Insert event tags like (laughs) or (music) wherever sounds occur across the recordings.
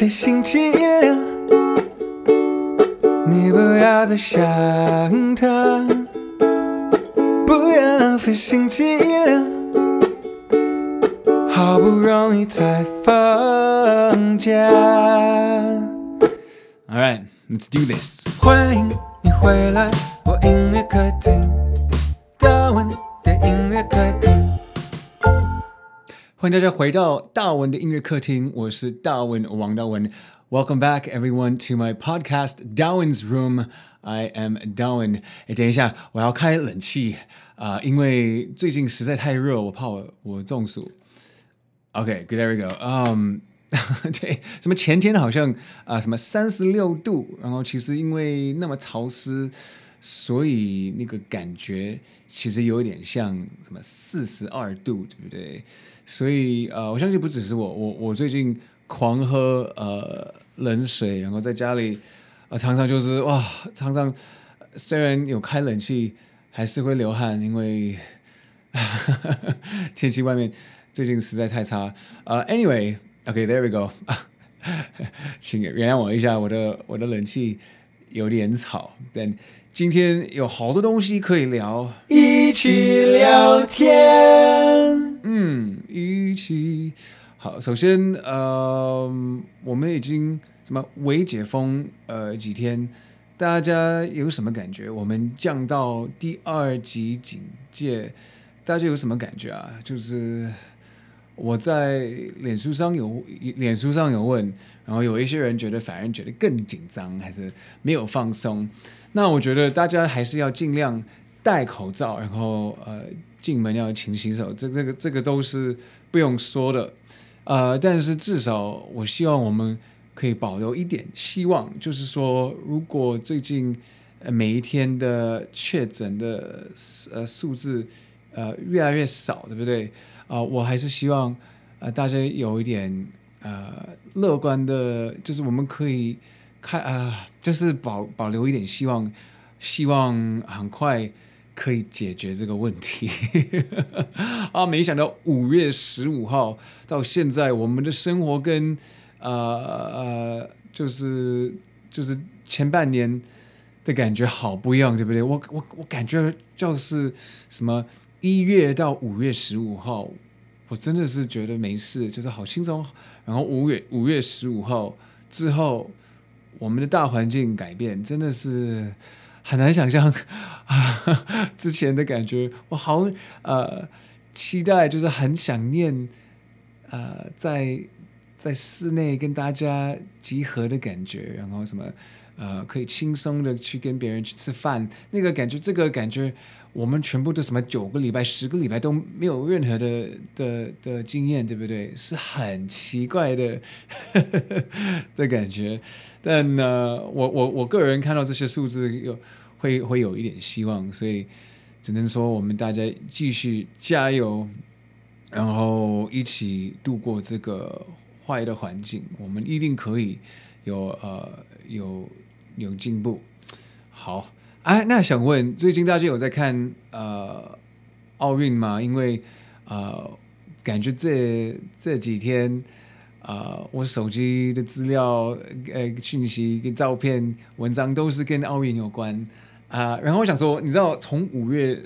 浪費星期六了，你不要再想他，不要浪費星期六了，好不容易才放假。All right, let's do this. 歡迎你回來，我音樂客廳。歡迎大家回到大文的音樂客廳，我是大文，王大文。Welcome back everyone to my podcast, Dawen's Room. I am Dawen、欸。哎，等一下，我要開冷氣啊、呃，因為最近實在太熱，我怕我我中暑。Okay, good, there we go。嗯，對，什麼前天好像啊、呃，什麼三十六度，然後其實因為那麼潮濕。所以那個感覺其實有點像什麼四十二度，對不對？所以呃，我相信不只是我，我我最近狂喝呃冷水，然後在家裡啊、呃，常常就是哇，常常雖然有開冷氣，還是會流汗，因為 (laughs) 天氣外面最近實在太差呃、uh, Anyway，OK，there we go， (laughs) 請原諒我一下，我的我的冷氣有點吵，但。今天有好多東西可以聊，一起聊天。嗯，一起好。首先，呃，我們已經什麼微解封呃幾天，大家有什麼感覺？我們降到第二級警戒，大家有什麼感覺啊？就是我在臉書上有臉書上有問，然後有一些人覺得反而覺得更緊張，還是沒有放鬆。那我覺得大家還是要盡量戴口罩，然後呃進門要勤洗手，這這個這個都是不用說的，呃，但是至少我希望我們可以保留一點希望，就是說如果最近呃每一天的確診的呃數字呃越來越少，對不對？啊、呃，我還是希望呃大家有一點呃樂觀的，就是我們可以看啊。呃就是保保留一點希望，希望很快可以解決這個問題 (laughs) 啊！沒想到五月十五號到現在，我們的生活跟呃呃，就是就是前半年的感覺好不一樣，對不對？我我我感覺就是什麼一月到五月十五號，我真的是覺得沒事，就是好輕鬆。然後五月五月十五號之後。我們的大環境改變真的是很難想象，之前的感覺，我好呃期待，就是很想念，呃，在在室內跟大家集合的感覺，然後什麼呃可以輕鬆的去跟別人去吃飯，那個感覺，這個感覺。我們全部都什麼九個禮拜、十個禮拜都沒有任何的的的,的經驗，對不對？是很奇怪的 (laughs) 的感覺。但呢、呃，我我我個人看到這些數字有，有會會有一點希望，所以只能說我們大家繼續加油，然後一起度過這個壞的環境，我們一定可以有呃有有進步。好。哎，那想問最近大家有在看呃奧運嗎？因為呃感覺這這幾天啊、呃，我手機的資料、呃訊息跟照片、文章都是跟奧運有關啊、呃。然後我想說，你知道從五月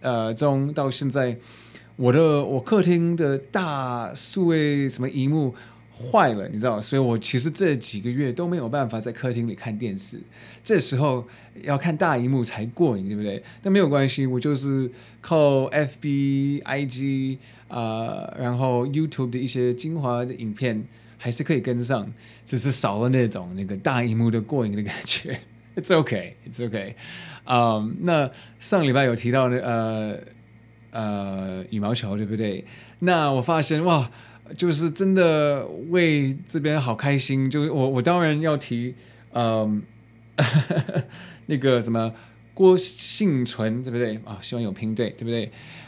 呃中到現在，我的我客廳的大數位什麼熒幕。壞了，你知道。所以我其實這幾個月都沒有辦法在客廳裡看電視。這時候要看大熒幕才過癮，對不對？但沒有關係，我就是靠 FB、IG 啊、呃，然後 YouTube 的一些精華的影片還是可以跟上，只是少了那種那個大熒幕的過癮的感覺。It's okay, it's okay、呃。嗯，那上禮拜有提到的呃呃羽毛球，對不對？那我發現哇。就是真的為這邊好開心，就是我我當然要提，呃、嗯， (laughs) 那個什麼郭婞淳，對不對啊、哦？希望有拼對對不對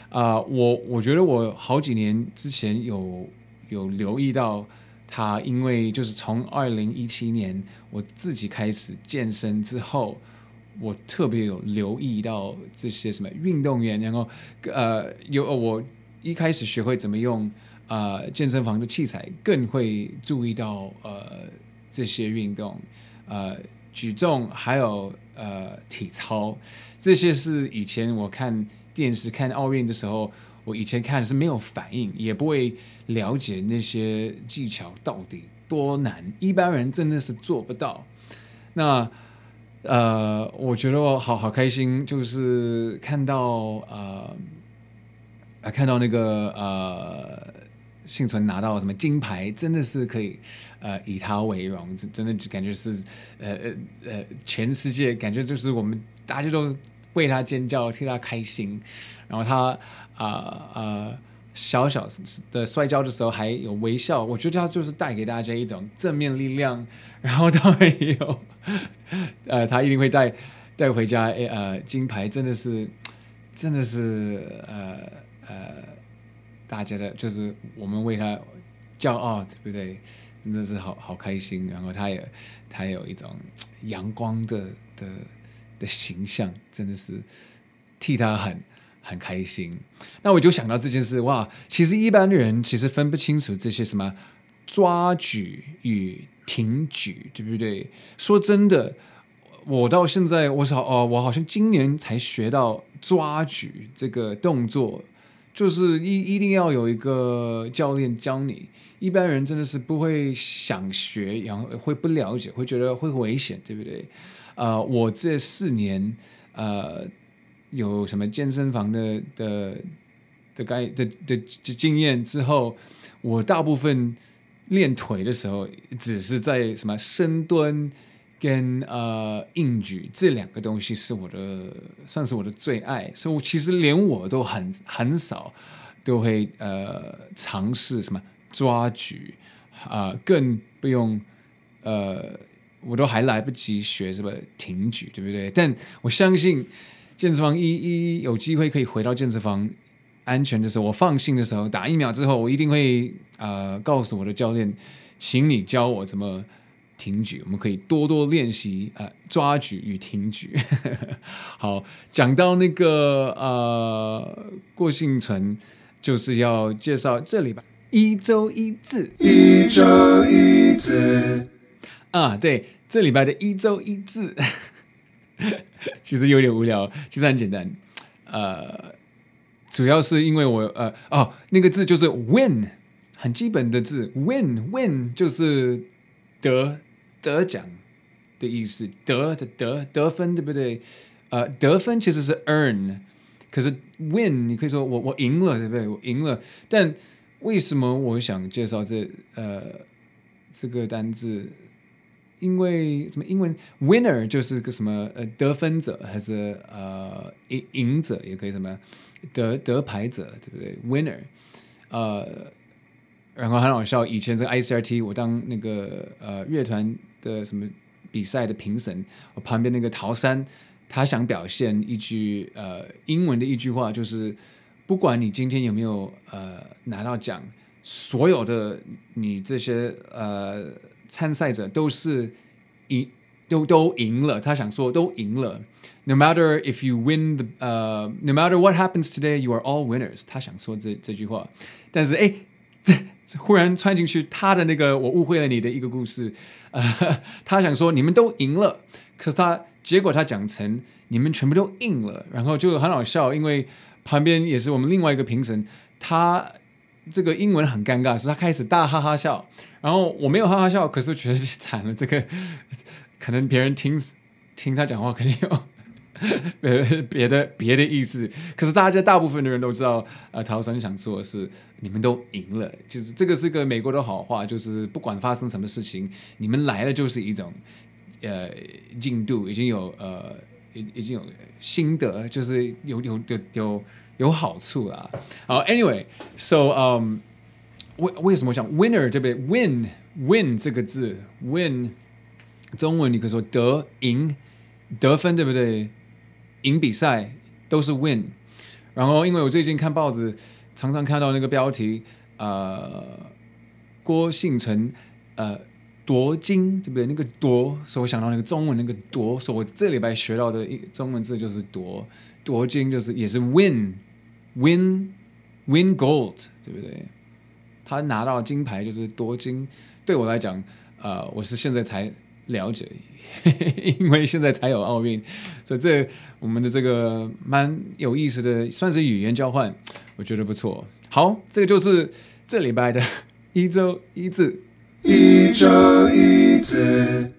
啊、呃？我我覺得我好幾年之前有有留意到他，因為就是從二零一七年我自己開始健身之後，我特別有留意到這些什麼運動員，然後呃有我一開始學會怎麼用。啊、呃，健身房的器材更會注意到呃這些運動，呃舉重還有呃體操，這些是以前我看電視看奧運的時候，我以前看是沒有反應，也不會了解那些技巧到底多難，一般人真的是做不到。那呃，我覺得我好好開心，就是看到呃啊看到那個呃。幸存拿到什麼金牌，真的是可以，呃，以他為榮，真真的感覺是，呃呃呃，全世界感覺就是我們大家都為他尖叫，替他開心，然後他啊啊、呃呃、小小的摔跤的時候還有微笑，我覺得他就是帶給大家一種正面力量，然後他沒有，呃，他一定會帶帶回家、欸，呃，金牌真的是，真的是，呃呃。大家的，就是我們為他驕傲、哦，對不對？真的是好好開心。然後他也，他也有一種陽光的的的形象，真的是替他很很開心。那我就想到這件事，哇，其實一般人其實分不清楚這些什麼抓舉與挺舉，對不對？說真的，我到現在我好哦、呃，我好像今年才學到抓舉這個動作。就是一一定要有一個教練教你，一般人真的是不會想學，然後會不了解，會覺得會危險，對不對？呃，我這四年呃有什麼健身房的的的概的的經經驗之後，我大部分練腿的時候只是在什麼深蹲。跟呃硬舉這兩個東西是我的，算是我的最愛，所以我其實連我都很很少都會呃嘗試什麼抓舉啊，呃，更不用呃，我都還來不及學什麼挺舉，對不對？但我相信健身房一一有機會可以回到健身房安全的時候，我放心的時候，打疫苗之後，我一定會呃告訴我的教練，請你教我怎麼。挺舉，我們可以多多練習呃抓舉與挺舉。哈哈哈。好，講到那個呃過姓存，就是要介紹這裡吧。一周一字，一周一字、嗯、啊，對，這禮拜的一周一字， (laughs) 其實有點無聊，其、就、實、是、很簡單，呃，主要是因為我呃哦那個字就是 win，很基本的字，win win 就是得。得獎的意思，得的得、得分，對不對？呃、uh，得分其實是 earn，可是 win 你可以說我我贏了，對不對？我贏了。但為什麼我想介紹這呃這個單字？因為什麼？英文 winner 就是個什麼呃得分者，還是呃贏、贏者也可以，什麼得、得牌者，對不對？winner 呃，uh, 然後很好笑，以前這個 ICRT 我當那個呃樂團的什麼比賽的評審，旁邊那個陶三，他想表現一句呃英文的一句話，就是不管你今天有沒有呃拿到獎，所有的你這些呃參賽者都是贏，都都贏了。他想說都贏了，No matter if you win the 呃, uh, No matter what happens today, you are all winners。他想說這這句話，但是誒這。忽然穿進去他的那個我誤會了你的一個故事，呃，他想說你們都贏了，可是他結果他講成你們全部都贏了，然後就很好笑，因為旁邊也是我們另外一個評審，他這個英文很尷尬，所以他開始大哈哈笑，然後我沒有哈哈笑，可是覺得慘了，這個可能別人聽聽他講話肯定有。別 (laughs) 的別的意思，可是大家大部分的人都知道，呃，陶神想說的是，你們都贏了，就是這個是個美國的好話，就是不管發生什麼事情，你們來了就是一種，呃，進度已經有，呃，已已經有心得，就是有有有有有好處了。好、uh，Anyway，so um，為為什麼我想 winner 對不對？win win 這個字，win，中文你可以說得贏，得分對不對？贏比賽都是 win，然後因為我最近看報紙，常常看到那個標題，呃，郭婞淳，呃，奪金，對不對？那個奪，所以我想到那個中文那個奪，所以我這禮拜學到的一中文字就是奪，奪金就是也是 win，win，win win，win gold，對不對？他拿到金牌就是奪金，對我來講，呃，我是現在才。了解，因為現在才有奧運，所以這個、我們的這個蠻有意思的，算是語言交換，我覺得不錯。好，這個就是這禮拜的一周一字一周一字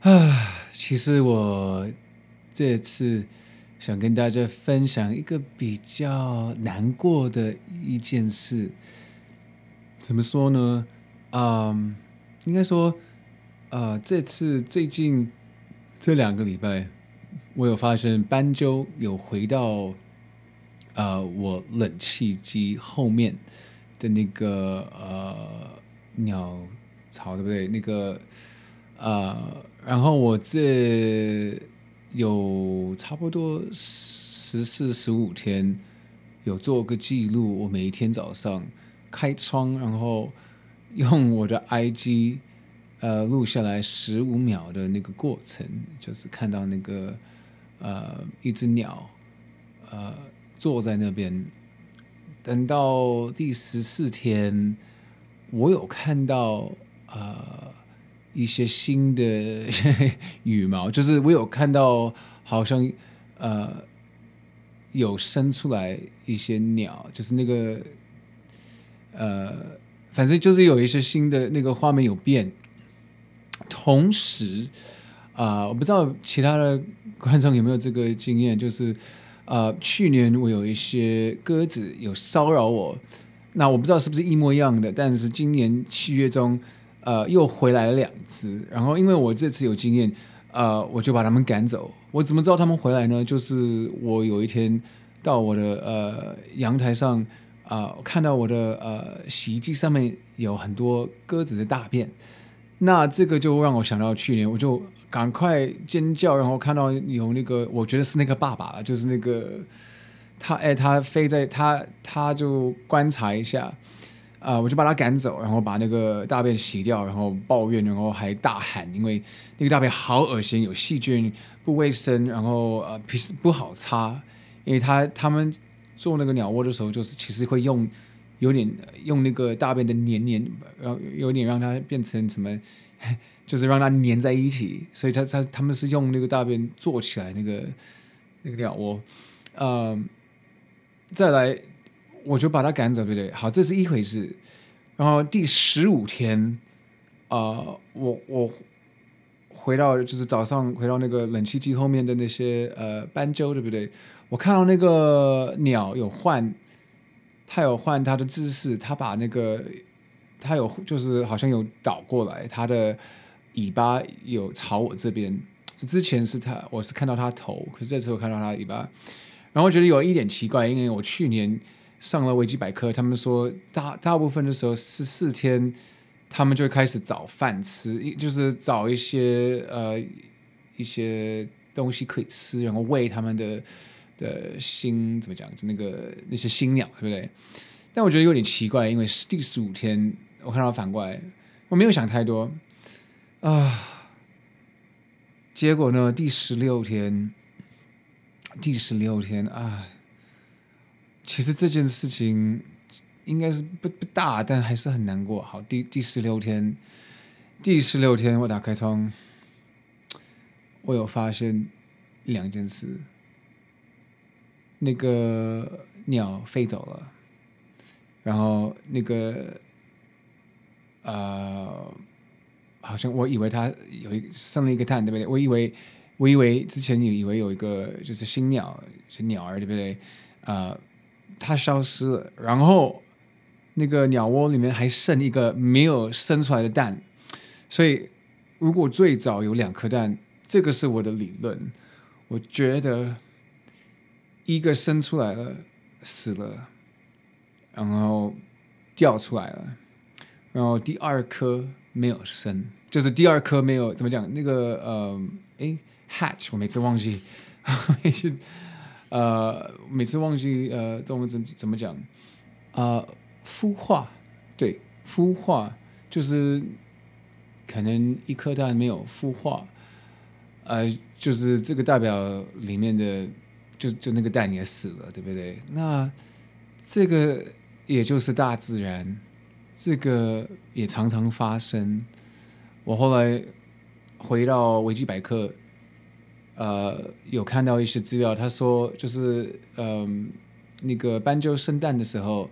啊，其實我這次想跟大家分享一個比較難過的一件事，怎麼說呢？嗯、um,，應該說。呃，這次最近這兩個禮拜，我有發現斑鳩有回到呃我冷氣機後面的那個呃鳥巢，對不對？那個呃，然後我這有差不多十四、十五天有做個記錄，我每一天早上開窗，然後用我的 IG。呃，錄下來十五秒的那個過程，就是看到那個呃，一隻鳥呃坐在那邊。等到第十四天，我有看到呃一些新的 (laughs) 羽毛，就是我有看到好像呃有生出來一些鳥，就是那個呃，反正就是有一些新的那個畫面有變。同時，啊、呃，我不知道其他的觀眾有沒有這個經驗，就是，呃，去年我有一些鴿子有騷擾我，那我不知道是不是一模一樣的，但是今年七月中，呃，又回來了兩隻，然後因為我這次有經驗，啊、呃，我就把它們趕走。我怎麼知道它們回來呢？就是我有一天到我的呃陽台上，啊、呃，我看到我的呃洗衣機上面有很多鴿子的大便。那這個就讓我想到去年，我就趕快尖叫，然後看到有那個，我覺得是那個爸爸了，就是那個他哎，他飛在他，他就觀察一下，啊、呃，我就把他趕走，然後把那個大便洗掉，然後抱怨，然後還大喊，因為那個大便好惡心，有細菌，不衛生，然後呃，皮不好擦，因為他他們做那個鳥窩的時候，就是其實會用。有點用那個大便的黏黏，然後有點讓它變成什麼，就是讓它黏在一起，所以他它它們是用那個大便做起來那個那個鳥窩。嗯、呃，再來我就把它趕走，對不對？好，這是一回事。然後第十五天啊、呃，我我回到就是早上回到那個冷氣機後面的那些呃斑鳩，對不對？我看到那個鳥有換。他有換他的姿勢，他把那個，他有就是好像有倒過來，他的尾巴有朝我這邊。之前是他，我是看到他頭，可是這次我看到他的尾巴，然後覺得有一點奇怪，因為我去年上了維基百科，他們說大大部分的時候是四天，他們就開始找飯吃，就是找一些呃一些東西可以吃，然後餵他們的，的心，怎麼講？就那個那些新鳥，對不對？但我覺得有點奇怪，因為第十五天我看到反過來，我沒有想太多啊。結果呢？第十六天，第十六天啊，其實這件事情應該是不不大，但還是很難過。好，第第十六天，第十六天，我打開窗，我有發現一兩件事。那個鳥飛走了，然後那個呃，好像我以為它有一生了一個蛋，對不對？我以為，我以為之前有以為有一個就是新鳥，是鳥兒，對不對？啊、呃，它消失了，然後那個鳥窩裡面還剩一個沒有生出來的蛋，所以如果最早有兩顆蛋，這個是我的理論，我覺得。一個生出來了，死了，然後掉出來了，然後第二顆沒有生，就是第二顆沒有，怎麼講？那個呃，哎，hatch，我每次忘記，呵呵每次呃，每次忘記呃，中文怎麼怎麼講啊，呃？孵化，對，孵化就是可能一顆蛋沒有孵化，呃，就是這個代表裡面的。就就那個蛋也死了，對不對？那這個也就是大自然，這個也常常發生。我後來回到維基百科，呃，有看到一些資料，他說就是嗯、呃，那個斑鳩生蛋的時候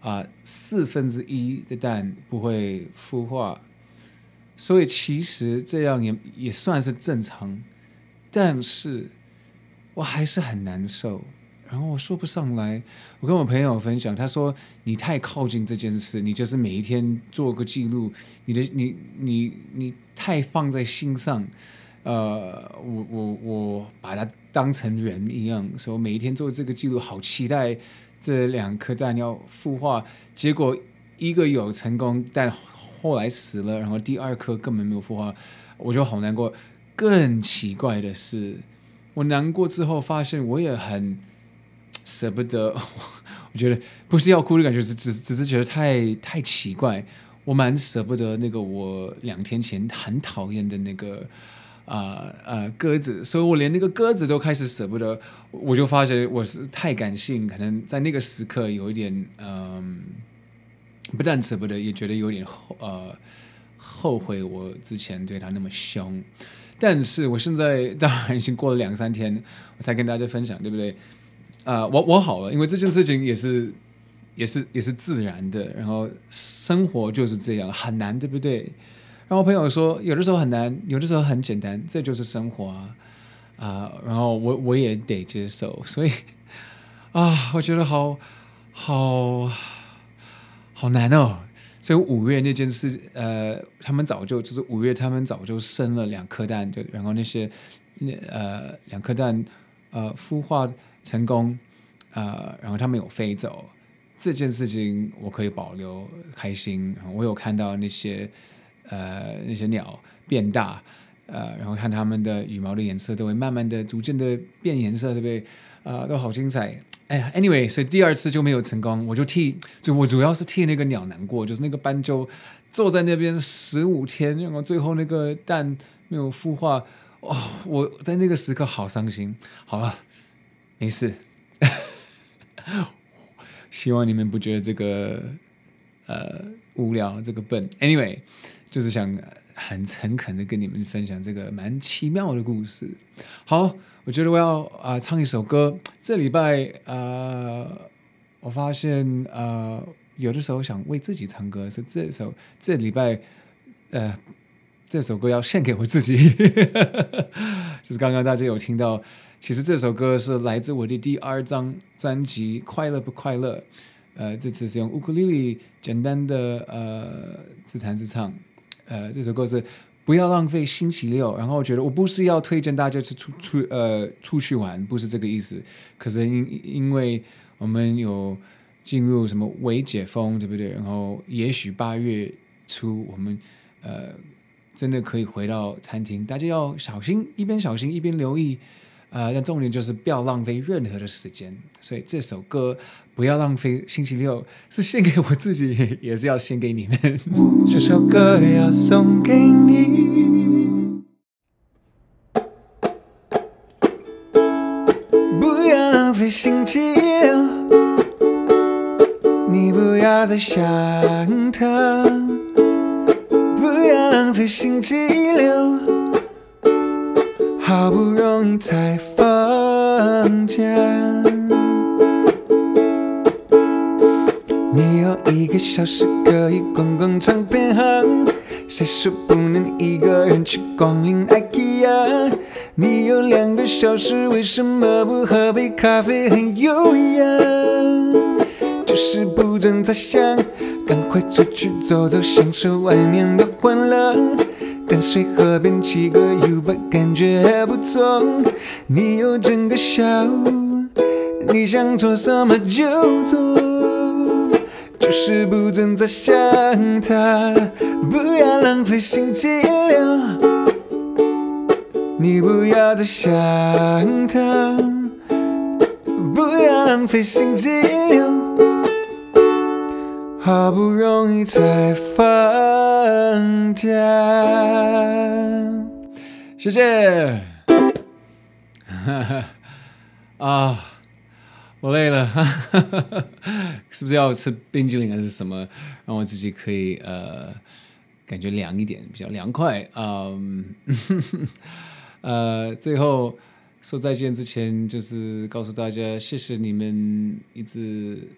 啊、呃，四分之一的蛋不會孵化，所以其實這樣也也算是正常，但是。我還是很難受，然後我說不上來。我跟我朋友分享，他說：“你太靠近這件事，你就是每一天做個記錄，你的你你你，你太放在心上。”呃，我我我把它當成人一樣，說每一天做這個記錄，好期待這兩顆蛋要孵化。結果一個有成功，但後來死了，然後第二顆根本沒有孵化，我就好難過。更奇怪的是。我難過之後，發現我也很捨不得。 (laughs) 我覺得不是要哭的感覺，只只只是覺得太太奇怪。我蠻捨不得那個我兩天前很討厭的那個啊啊、呃呃、鴿子，所以我連那個鴿子都開始捨不得。我，我就發覺我是太感性，可能在那個時刻有一點嗯、呃，不但捨不得，也覺得有點後呃後悔我之前對他那麼兇。但是我現在當然已經過了兩三天，我才跟大家分享，對不對？啊、呃，我我好了，因為這件事情也是也是也是自然的，然後生活就是這樣，很難，對不對？然後朋友說，有的時候很難，有的時候很簡單，這就是生活啊啊、呃！然後我我也得接受，所以啊，我覺得好好好難哦。所以五月那件事，呃，他們早就就是五月，他們早就生了兩顆蛋，就然後那些，那呃兩顆蛋，呃孵化成功，呃然後他們有飛走，這件事情我可以保留開心。我有看到那些，呃那些鳥變大，呃然後看它們的羽毛的顏色都會慢慢的逐漸的變顏色，對不對？啊，呃，都好精彩。哎呀，Anyway，所以第二次就沒有成功，我就替就我主要是替那個鳥難過，就是那個斑鳩坐在那邊十五天，然後最後那個蛋沒有孵化。哦，我在那個時刻好傷心。好了，沒事， (laughs) 希望你們不覺得這個呃無聊，這個笨。Anyway，就是想。很誠懇的跟你們分享這個蠻奇妙的故事。好，我覺得我要啊、呃、唱一首歌。這禮拜啊、呃，我發現啊、呃，有的時候想為自己唱歌，是這首這禮拜呃這首歌要獻給我自己。 (laughs) 就是剛剛大家有聽到，其實這首歌是來自我的第二張專輯《快樂不快樂》。呃，這次是用烏克麗麗簡單的呃自彈自唱。呃，這首歌是不要浪費星期六。然後我覺得我不是要推薦大家去出去呃出去玩，不是這個意思。可是因因為我們有進入什麼微解封，對不對？然後也許八月初我們呃真的可以回到餐廳，大家要小心，一邊小心一邊留意。呃，但重點就是不要浪費任何的時間，所以這首歌不要浪費星期六，是獻給我自己，也是要獻給你們。 (laughs) 這首歌要送給你，不要浪費星期六，你不要再想他，不要浪費星期六。好不容易才放假，你有一個小時可以逛逛唱片行，誰說不能一個人去逛 IKEA？你有兩個小時，為什麼不喝杯咖啡很優雅，就是不准再想，趕快出去走走，享受外面的歡樂。但淡水河邊騎個 U-Bike，感覺還不錯。你有整個下午，你想做什麼就做，就是不准再想他，不要浪費星期六。你不要再想他，不要浪費星期六，好不容易才發。再見，謝謝。啊，我累了，是不是要吃冰激凌？還是什麼，讓我自己可以，呃，感覺涼一點，比較涼快，嗯，呵呵，呃，最後說再見之前，就是告訴大家，謝謝你們一直。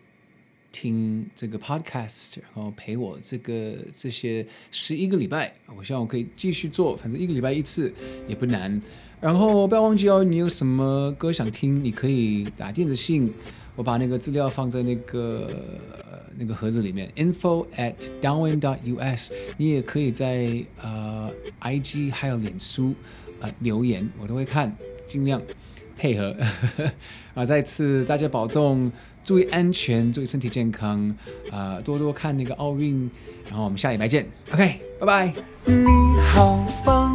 聽這個 podcast，然後陪我這個這些十一個禮拜，我希望我可以繼續做，反正一個禮拜一次也不難。然後不要忘記哦，你有什麼歌想聽，你可以打電子信，我把那個資料放在那個、呃、那個盒子裡面，info at dawen us。你也可以在呃 IG 還有臉書啊、呃、留言，我都會看，盡量配合。啊、 (laughs) 呃，再次大家保重。注意安全，注意身體健康，啊、呃，多多看那個奧運，然後我們下禮拜見，OK，拜拜。你好棒。